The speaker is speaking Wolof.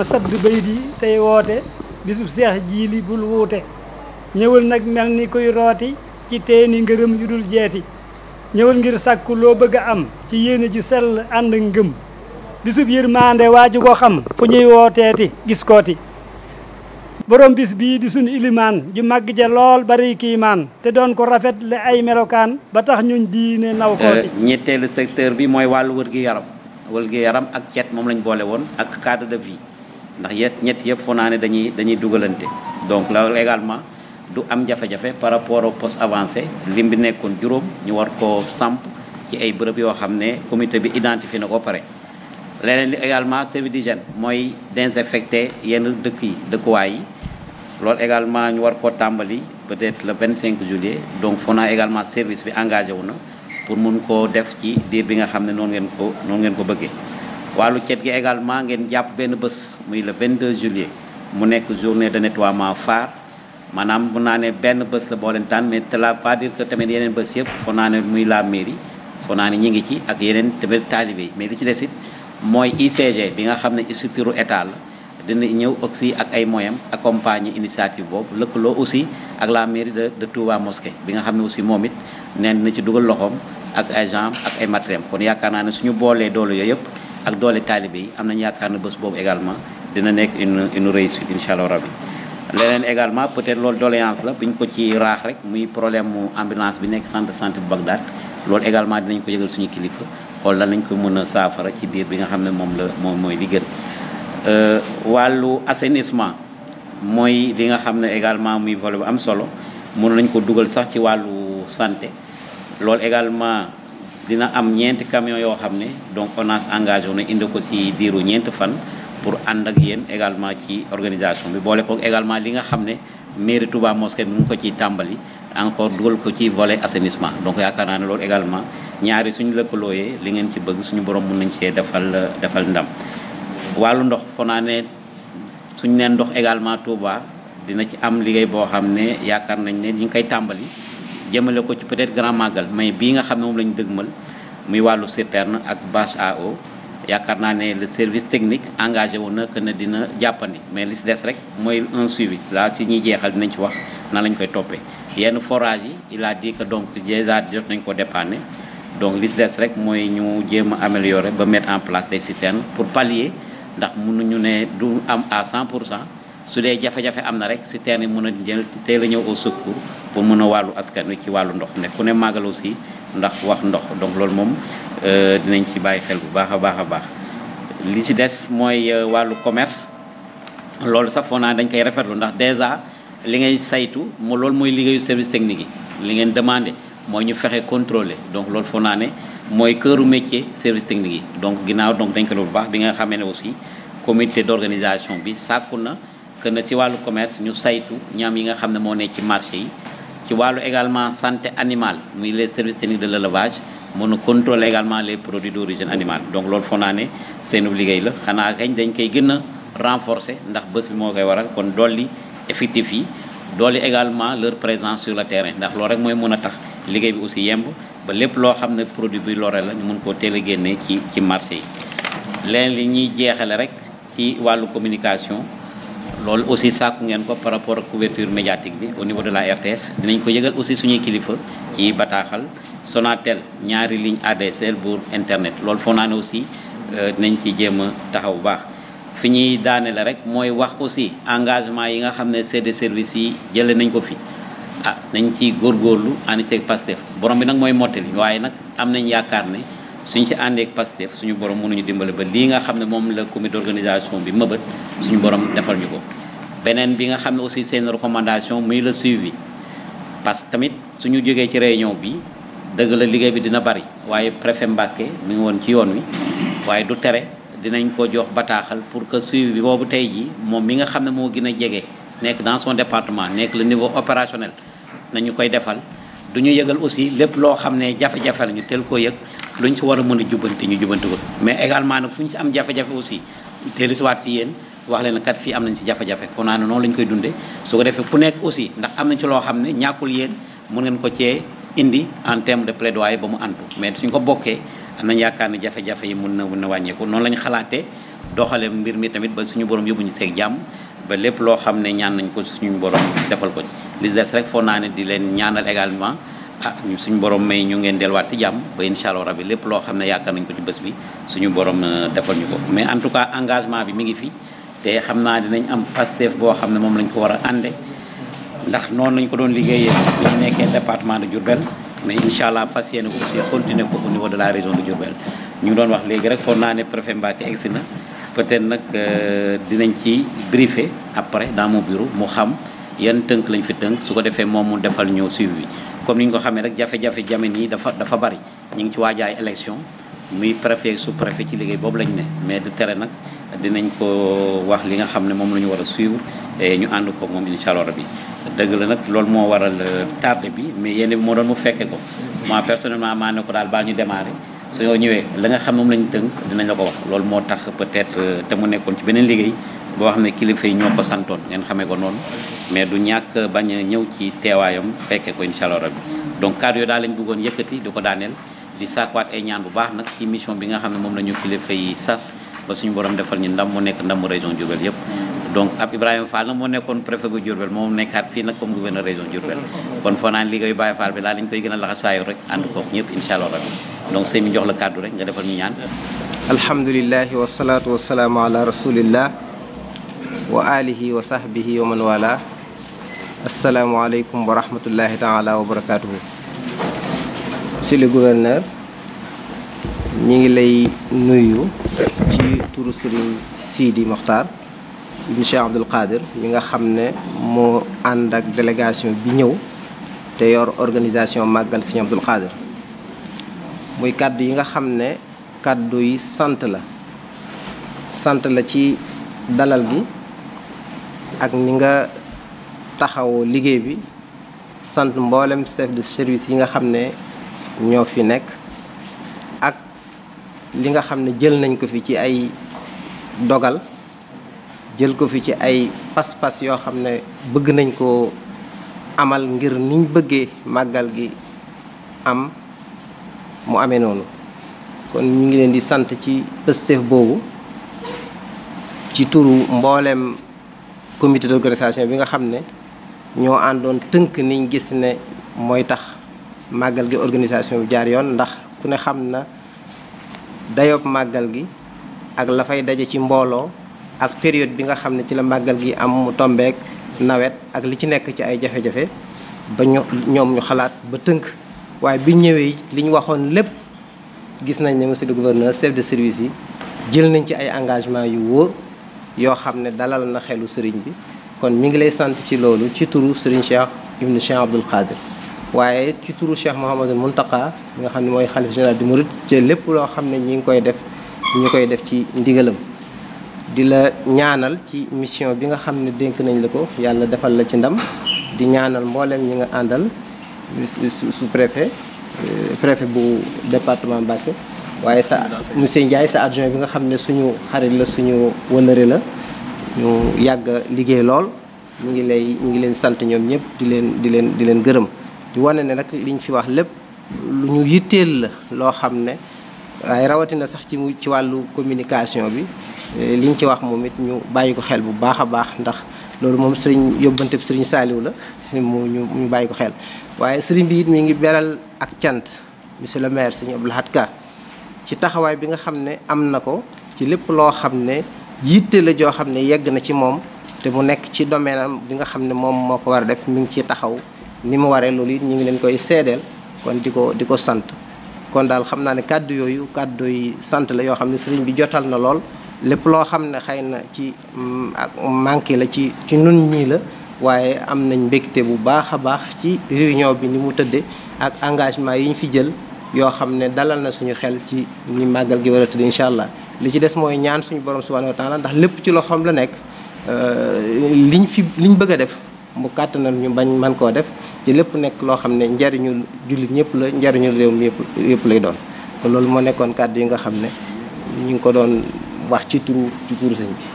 sadd bayit yi tey woote bisub seex jiili bul wuute ñëwal nag mel ni kuy rooti ci teeni ngërëm yu dul jeeti ñëwal ngir sàkku loo bëgg a am ci yéene ji sell ànd ngëm bisub waa waaju ko xam fu ñuy wooteeti gis kooti borom bis bii di sunu ilimaan ju màgg ja lool bari kiimaan te doon ko rafet le ay melokaan ba tax ñu diine naw euh, kooti ñetteelu secteur bi mooy wàllu wër gi yaram wër gi yaram ak ceet moom lañ boole woon ak cadre de vie ndax yet ñett yëpp foo naa ne dañuy dañuy dugalante donc loolu également du am jafe-jafe par rapport au poste avancé lim bi nekkoon juróom ñu war ko samp ci ay bërëb yoo xam ne comité bi identifié na ko pare leneen li également service d'hygiène mooy désinfecté yenn dëkk yi dëkkuwaay yi loolu également ñu war koo tàmbali peut-être le 25 juillet donc foo également service bi engagé wu na pour mun koo def ci diir bi nga xam ne noonu ngeen ko noon ngeen ko bëggee wàllu cet gi également ngeen jàpp benn bés muy le 22 juillet mu nekk journée de nettoiement phare maanaam mun naa ne benn bés la boo leen tànn mais cela pas dire que tamit yeneen bés yëpp foo naa ne muy la mairie foo naa ne ñi ngi ci ak yeneen tamit taalibe yi mais li ci des it mooy ICG bi nga xam ne structure état la dina ñëw aussi ak ay moyens accompagner initiative boobu lëkkaloo aussi ak la mairie de de Touba Mosquée bi nga xam ne aussi moom it neen na ci dugal loxoom ak ay gens ak ay matériels kon yaakaar naa ne suñu boolee doole yooyu yëpp. ak doole taalibe yi am nañu yaakaar ne bés boobu également dina nekk une une réussite incha allah rabbi leneen également peut-être loolu doléance la bu ñu ko ci raax rek muy problème mu ambulance bi nekk centre santé bu Bagdad loolu également dinañ ko yëgal suñu kilifa xool lan nañ ko mën a saafara ci biir bi nga xam ne moom la moom mooy li gën euh, wàllu assainissement mooy li nga xam ne également muy volet bu am solo mënoon nañ ko dugal sax ci wàllu santé loolu dina am ñeenti camion yoo xam ne donc ONAS engagé na indi ko si diiru ñeenti fan pour ànd ak yéen également ci organisation bi boole ko également li nga xam ne mairie Touba mosquée mi ngi ko ciy tàmbali encore dugal ko ci volet assainissement donc yaakaar naa ne loolu également ñaari suñu lëkkalooyee li ngeen ci bëgg suñu borom mën nañ cee defal defal ndam wàllu ndox foo suñ ne neen ndox également Touba dina ci am liggéey boo xam ne yaakaar nañ ne ñu koy tàmbali jëmale ko ci peut-être grand màggal may bii nga xam ne moom lañu ñu dëgmal muy wàllu citerne ak bâche à yaakaar naa ne le service technique engagé woon na que ne dina jàppandi mais li si des rek mooy un suivi laa ci ñi jeexal dinañ ci wax nan lañ koy toppee yenn forage yi il a donc déjà jot nañ ko dépanner donc li si des rek mooy ñu jéem a améliorer ba mettre en place des citernes pour pallier ndax ñu ne du am à cent pour cent su dee jafe-jafe am na rek citernes yi mën a jël teel a ñëw au secours pour mën a wàllu askan wi ci wàllu ndox ne ku ne màggal aussi ndax wax ndox donc loolu moom euh, dinañ ci bàyyi xel bu baax a baax a baax li ci des mooy euh, wàllu commerce loolu sax foo naa dañ koy rafetlu ndax déjà li ngay saytu mo loolu mooy liggéeyu service technique yi li ngeen demandé mooy ñu fexe contrôler donc loolu foo naa ne mooy këru métier service technique yi donc ginnaaw donc dañ ko loolu bu baax bi nga xamee ne aussi comité d'organisation bi sàkku na que na ci wàllu commerce ñu saytu ñaam yi nga xam ne moo ne ci marché yi ci wàllu également santé animale muy les services techniques de l' élevage mën a contrôler également les produits d' origine animale donc loolu foog naa ne seen liggéey la xanaa kañ dañ koy gën a renforcer ndax bés bi moo koy waral kon dolli effective yi dolli également leur présence sur le terrain ndax loolu rek mooy mën a tax liggéey bi aussi yemb ba lépp loo xam ne produit bi lore la ñu mën koo teel a génne ci ci marché yi. leneen li ñuy jeexale rek ci wàllu communication. loolu aussi sàkku ngeen ko par rapport ak couverture médiatique bi au niveau de la RTS dinañ ko yëgal aussi suñuy kilifa ci bataaxal Sonatel ñaari ligne ads pour internet loolu foo naa ne aussi euh, nañ ci jéem a taxaw bu baax fi ñuy daaneele rek mooy wax aussi engagement yi nga xam ne CD service yi jële nañ ko fi ah nañ ci góorgóorlu ànd ceeg Pastef borom bi nag mooy mottali waaye nag am nañ yaakaar ne suñ ci àndeek Pastef suñu borom mënuñu dimbale ba lii nga xam ne moom la comité d'organisation bi mëbët suñu borom defal ñu ko beneen bi nga xam ne aussi seen recommandation muy le suivi parce que tamit suñu jógee ci réunion bi dëgg la liggéey bi dina bari waaye préfet Mbacké mi woon ci yoon wi waaye du tere dinañ ko jox bataaxal pour que suivi bi boobu tey jii moom mi nga xam ne moo gën a jege nekk dans son département nekk le niveau opérationnel nañu koy defal du ñu yëgal aussi lépp loo xam ne jafe-jafe la ñu teel koo yëg lu ñu si war a mën a jubbante ñu jubbanti ko mais également nag fu ñu si am jafe-jafe aussi dellu si waat si yéen wax leen kat fii am nañ si jafe-jafe foo naa ne noonu lañ koy dundee defee ku nekk aussi ndax am nañ ci loo xam ne ñàkkul yéen mën ngeen ko cee indi en terme de plaidoyer ba mu antu mais suñ ko bokkee nañ yaakaar ne jafe yi mun na mun na wàññeeku noonu lañ xalaatee doxale mbir mi tamit ba suñu borom yóbbuñu seeg jàmm ba lépp loo xam ne ñaan nañ ko suñu borom defal ko li foo naa ne di leen ñaanal également ah ñu suñu borom may ñu ngeen delluwaat si jàmm ba incha allah rabi lépp loo xam ne yaakaar nañ ko ci bés bi suñu borom euh, defal ñu ko mais en tout cas engagement bi mi ngi fi te xam naa dinañ am Pastef boo xam ne moom lañ ko war a ànde ndax noonu lañ ko doon liggéeyee bu ñu nekkee département mais incha allah fas yéene ko aussi continuer de la région de Diourbel ñu doon wax léegi rek foog naa ne préfet Mbacké na peut-être nag euh, dinañ ci briefer après dans mon bureau mu xam yan tënk lañ fi tënk su ko defee moom mu defal ñëw suivi bi comme ni ñu ko xamee rek jafe-jafe jamono yi dafa dafa bari ñu ngi ci waajaay élection muy préfet sous préfet ci liggéey boobu lañ ne mais du tere nag dinañ ko wax li nga xam ne moom la ñu war a suivre ñu ànd ko moom incha allah rabi dëgg la nag loolu moo waral euh, tarde bi mais yéen bi moo doon mu fekkee ko moi personnellement maa ko daal baa ñu démarré soo ñëwee la nga xam moom lañu ñu tënk dinañ la ko wax loolu moo tax peut-être euh, te mu nekkoon ci beneen liggéey boo xam ne kilifa yi ñoo ko santoon ngeen xamee ko noonu mais du ñàkk bañ a ñëw ci teewaayam fekkee ko incha allah rabbi donc kàddu yooyu daal lañ bëggoon yëkkati di ko daaneel di sakkuwaat ay ñaan bu baax bi nga xam ne moom la ñu kilifa yi sas ba suñu borom defal ñu ndam nekk ndamu yëpp. donc ab Ibrahima Fall moo nekkoon préfet bu Diourbel moom nekkaat fii nag comme gouverneur région Diourbel kon foo naan liggéeyu Baye Fall bi laa lañ koy gën a laxasaayu rek ànd kook ñëpp incha rabbi donc sëñ mi jox la kàddu rek nga defal ñu ñaan. alhamdulilah wasalaatu wasalaam ala rasulillah wa alihi wa sahbihi wa man wala asalaamualeykum wa rahmatullahi taala wa barakatuhu monsieur le gouverneur ñi ngi lay nuyu ci turu Serigne Sidi Mokhtar ibn Cheikh Abdoul Qadir mi nga xam ne moo ànd ak délégation bi ñëw te yor organisation màggal Serigne Abdoul Qadir muy kàddu yi nga xam ne kàddu yi sant la sant la ci dalal gi ak ni nga taxawoo liggéey bi sant mboolem chef de service yi nga xam ne ñoo fi nekk ak li nga xam ne jël nañ ko fi ci ay dogal jël ko fi ci ay pas-pas yoo xam ne bëgg nañ koo amal ngir niñ bëggee màggal gi am mu amee noonu kon ñu ngi leen di sant ci pëstef boobu ci turu mboolem comité d'organisation bi nga xam ne ñoo àndoon tënk niñ gis ne mooy tax màggal gi organisation bi jaar yoon ndax ku ne xam na dayoob màggal gi ak la fay daje ci mbooloo ak période bi nga xam ne ci la màggal gi am mu tombeek nawet ak li ci nekk ci ay jafe-jafe ba ñoom ñu xalaat ba tënk waaye bi ñëwee li ñu waxoon lépp gis nañ ne monsieur le gouverneur chef de service yi jël nañ ci ay engagement yu wóor yoo xam ne dalal na xelu sëriñ bi kon mu ngi lay sant ci loolu ci turu sëriñ Cheikh ibnu Cheikh Abdoul Khadir waaye ci turu Cheikh Mouhamadul Mountakha nga xam ne mooy xalif général di murid ci lépp loo xam ne ñi ngi koy def ñu koy def ci ndigalam di la ñaanal ci mission bi nga xam ne dénk nañ la ko yàlla defal la ci ndam di ñaanal mboolem ñi nga àndal sous euh, préfet bu département Mbacké waaye sa monsieur Ndiaye sa adjoint bi nga xam ne suñu xarit la suñu wëlëre la ñu yàgg liggéey lool ñu ngi lay ñu ngi leen sant ñoom ñëpp di leen di leen di leen gërëm di wane ne nag liñ fi wax lépp lu ñu yitteel la loo xam ne waaye rawatina sax ci ci wàllu communication bi eh, liñ ci wax moom it ñu bàyyi ko xel bu baax a baax ndax loolu moom sëriñ yóbbante bi sëriñ Saaliw la mu ñu bàyyi ko xel waaye sëriñ bi it mi ngi beral ak cant monsieur le maire sëriñ Abdou Lahad Ka ci taxawaay bi nga xam ne am na ko ci lépp loo xam ne yitte la joo xam ne yegg na ci moom te mu nekk ci domaine am bi nga xam ne moom moo ko war a def mi ngi ciy taxaw ni mu waree loolu it ñu ngi leen koy seedeel kon di ko di ko sant kon daal xam naa ne kàddu yooyu kàddu yi sant la yoo xam ne sëriñ bi jotal na lool lépp loo xam ne xëy na ci mm, ak manqué la ci ci nun ñii la waaye am nañ mbégte bu baax a baax ci réunion bi ni mu tëdde ak engagement yi ñu fi jël yoo xam ne dalal na suñu xel ci ni màggal gi war a tudd incha allah li ci des mooy ñaan suñu borom subhanahu wa taala ndax lépp ci loxoom la nekk euh, liñ fi liñ bëgg a def mu kàttanal ñu bañ man koo def ci lépp nekk loo xam ne njariñul jullit ñëpp la njariñul réew mi yëpp lay doon kon loolu moo nekkoon kàdd yi nga xam ne ñu ngi ko doon wax ci turu ci turu sëñ bi